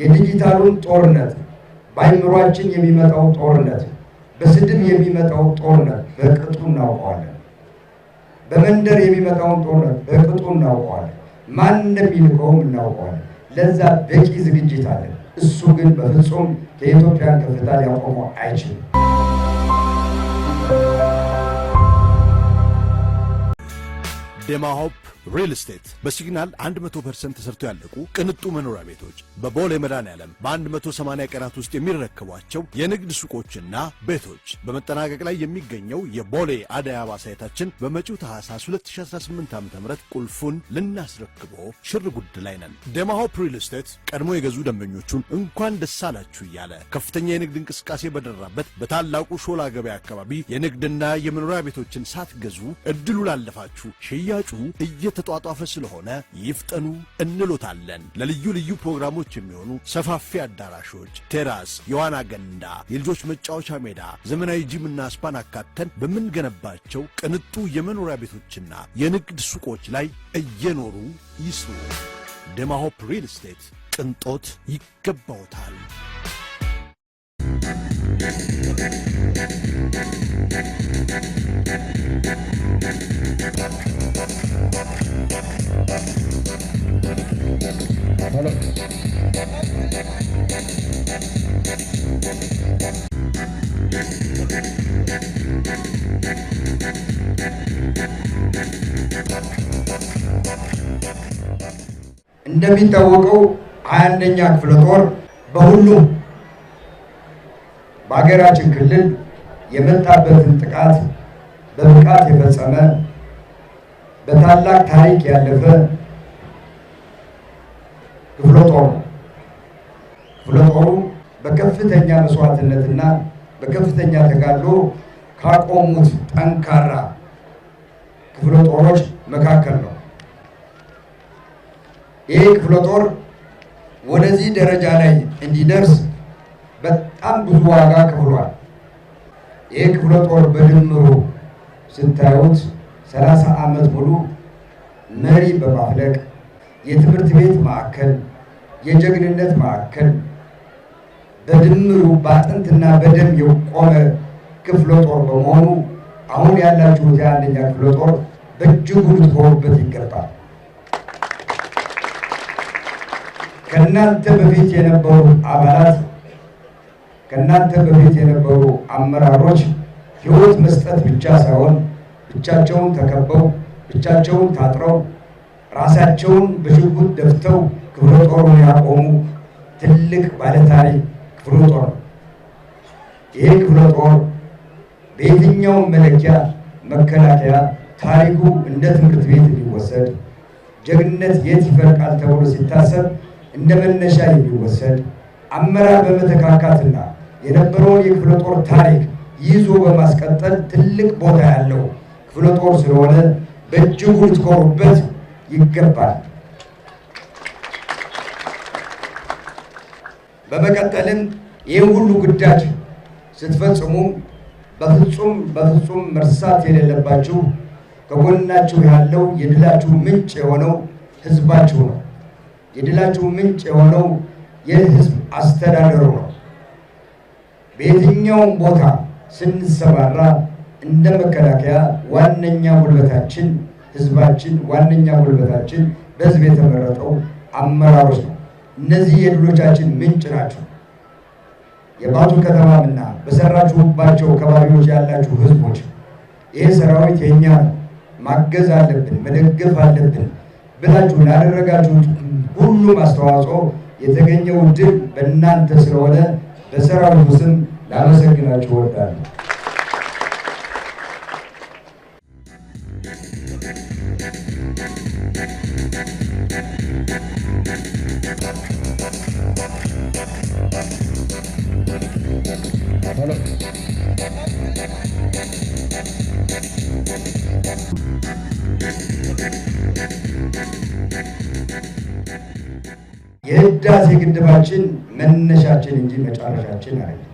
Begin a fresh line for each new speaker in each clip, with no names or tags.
የዲጂታሉን ጦርነት፣ በአይምሯችን የሚመጣው ጦርነት፣ በስድብ የሚመጣው ጦርነት በቅጡ እናውቀዋለን። በመንደር የሚመጣውን ጦርነት በቅጡ እናውቀዋለን። ማን እንደሚልቀውም እናውቀዋለን። ለዛ በቂ ዝግጅት አለን። እሱ ግን በፍጹም ከኢትዮጵያን ከፍታ ሊያቆመው አይችልም።
ደማሆፕ ሪል ስቴት በሲግናል 100% ተሰርቶ ያለቁ ቅንጡ መኖሪያ ቤቶች በቦሌ መድኃኔዓለም በ180 ቀናት ውስጥ የሚረከቧቸው የንግድ ሱቆችና ቤቶች በመጠናቀቅ ላይ የሚገኘው የቦሌ አደይ አበባ ሳይታችን በመጪው ታህሳስ 2018 ዓ.ም ቁልፉን ልናስረክቦ ሽር ጉድ ላይ ነን። ደማሆፕ ሪል ስቴት ቀድሞ የገዙ ደንበኞቹን እንኳን ደስ አላችሁ እያለ ከፍተኛ የንግድ እንቅስቃሴ በደራበት በታላቁ ሾላ ገበያ አካባቢ የንግድና የመኖሪያ ቤቶችን ሳትገዙ እድሉ ላለፋችሁ ሽያጩ እየ እየተጧጧፈ ስለሆነ ይፍጠኑ እንሎታለን። ለልዩ ልዩ ፕሮግራሞች የሚሆኑ ሰፋፊ አዳራሾች፣ ቴራስ፣ የዋና ገንዳ፣ የልጆች መጫወቻ ሜዳ፣ ዘመናዊ ጂምና ስፓን አካተን በምንገነባቸው ቅንጡ የመኖሪያ ቤቶችና የንግድ ሱቆች ላይ እየኖሩ ይስሩ። ደማሆፕ ሪል ስቴት ቅንጦት ይገባውታል።
እንደሚታወቀው ሀያ አንደኛ ክፍለ ጦር በሁሉም በሀገራችን ክልል የመጣበትን ጥቃት በብቃት የፈጸመ በታላቅ ታሪክ ያለፈ ክፍለ ጦር ነው። ክፍለ ጦሩ በከፍተኛ መስዋዕትነትና በከፍተኛ ተጋድሎ ካቆሙት ጠንካራ ክፍለ ጦሮች መካከል ነው። ይህ ክፍለ ጦር ወደዚህ ደረጃ ላይ እንዲደርስ በጣም ብዙ ዋጋ ከፍሏል። ይህ ክፍለ ጦር በድምሩ ስታዩት ሰላሳ ዓመት ሙሉ መሪ በማፍለቅ የትምህርት ቤት ማዕከል፣ የጀግንነት ማዕከል በድምሩ በአጥንትና በደም የቆመ ክፍለ ጦር በመሆኑ አሁን ያላችሁት የአንደኛ ክፍለ ጦር በእጅጉ ልትኮሩበት ይገባል። ከእናንተ በፊት የነበሩ አባላት ከእናንተ በፊት የነበሩ አመራሮች ሕይወት መስጠት ብቻ ሳይሆን ብቻቸውን ተከበው ብቻቸውን ታጥረው ራሳቸውን በሽጉጥ ደፍተው ክፍለ ጦሩን ያቆሙ ትልቅ ባለታሪክ ክፍለ ይህ ክፍለ ጦር በየትኛውም መለኪያ መከላከያ ታሪኩ እንደ ትምህርት ቤት የሚወሰድ ጀግንነት የት ይፈልቃል ተብሎ ሲታሰብ እንደ መነሻ የሚወሰድ አመራር በመተካካትና የነበረውን የክፍለ ጦር ታሪክ ይዞ በማስቀጠል ትልቅ ቦታ ያለው ክፍለ ጦር ስለሆነ በእጅጉ ልትኮሩበት ይገባል። በመቀጠልም ይህን ሁሉ ግዳጅ ስትፈጽሙ በፍጹም በፍጹም መርሳት የሌለባችሁ ከጎናችሁ ያለው የድላችሁ ምንጭ የሆነው ህዝባችሁ ነው። የድላችሁ ምንጭ የሆነው የህዝብ አስተዳደሩ ነው። በየትኛውም ቦታ ስንሰማራ እንደ መከላከያ ዋነኛ ጉልበታችን ህዝባችን፣ ዋነኛ ጉልበታችን በህዝብ የተመረጠው አመራሮች ነው። እነዚህ የድሎቻችን ምንጭ ናቸው። የባቱ ከተማና በሰራችሁባቸው ከባቢዎች ያላችሁ ህዝቦች ይህ ሰራዊት የእኛ ማገዝ አለብን፣ መደገፍ አለብን ብላችሁ ላደረጋችሁት ሁሉም አስተዋጽኦ የተገኘው ድል በእናንተ ስለሆነ በሰራዊቱ ስም ላመሰግናችሁ እወዳለሁ። Thank กัน የህዳሴ ግድባችን መነሻችን እንጂ መጨረሻችን አይደለም።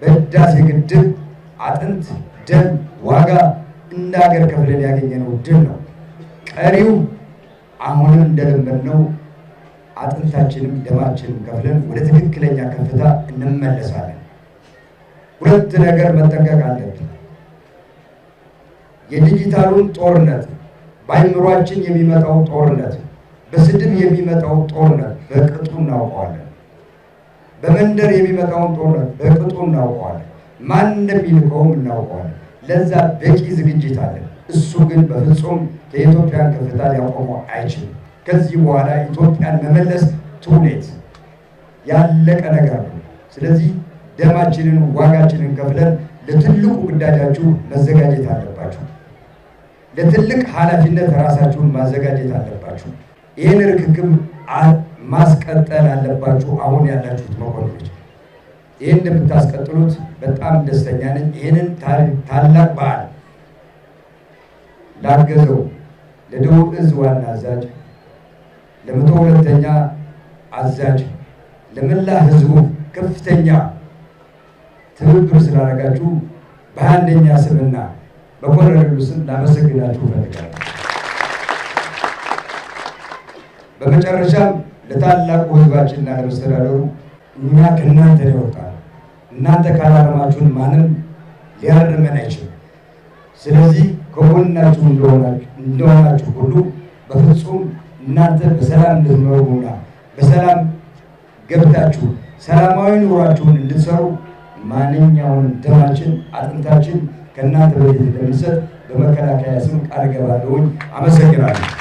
በህዳሴ ግድብ አጥንት፣ ደም፣ ዋጋ እንደ ሀገር ከፍለን ያገኘነው ድል ነው። ቀሪው አሁንም እንደለመድነው አጥንታችንም ደማችንም ከፍለን ወደ ትክክለኛ ከፍታ እንመለሳለን። ሁለት ነገር መጠንቀቅ አለብን። የዲጂታሉን ጦርነት፣ በአይምሯችን የሚመጣው ጦርነት፣ በስድብ የሚመጣው ጦርነት በቅጡ እናውቀዋለን። በመንደር የሚመጣውን ጦርነት በቅጡ እናውቀዋለን። ማን እንደሚልከውም እናውቀዋለን። ለዛ በቂ ዝግጅት አለን። እሱ ግን በፍጹም የኢትዮጵያን ከፍታ ሊያቆመው አይችልም። ከዚህ በኋላ ኢትዮጵያን መመለስ ትውኔት ያለቀ ነገር ነው። ስለዚህ ደማችንን ዋጋችንን ከፍለን ለትልቁ ግዳጃችሁ መዘጋጀት አለባችሁ። ለትልቅ ኃላፊነት ራሳችሁን ማዘጋጀት አለባችሁ። ይህን ርክክብ ማስቀጠል አለባችሁ። አሁን ያላችሁት መኮንኖች ይህን እንደምታስቀጥሉት በጣም ደስተኛ ነኝ። ይህንን ታላቅ በዓል ላገዘው ለደቡብ እዝ ዋና አዛዥ፣ ለመቶ ሁለተኛ አዛዥ፣ ለመላ ህዝቡ ከፍተኛ ትብብር ስላደረጋችሁ በአንደኛ ስምና በኮሎኔሉ ስም ላመሰግናችሁ እፈልጋለሁ። በመጨረሻም ለታላቁ ሕዝባችንና ለመስተዳደሩ እኛ ከእናንተ ይወጣል። እናንተ ካላረማችሁን ማንም ሊያርመን አይችልም። ስለዚህ ከጎናችሁ እንደሆናችሁ ሁሉ በፍጹም እናንተ በሰላም እንድትኖሩና በሰላም ገብታችሁ ሰላማዊ ኑሯችሁን እንድትሰሩ ማንኛውን ደማችን አጥንታችን ከእናንተ በፊት እንደሚሰጥ በመከላከያ ስም ቃል ገባለሁኝ። አመሰግናለሁ።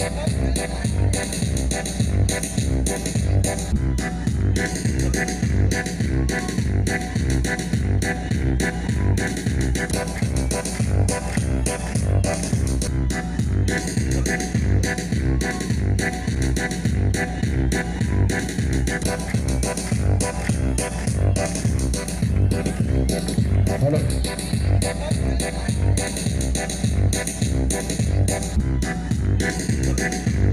Thank you.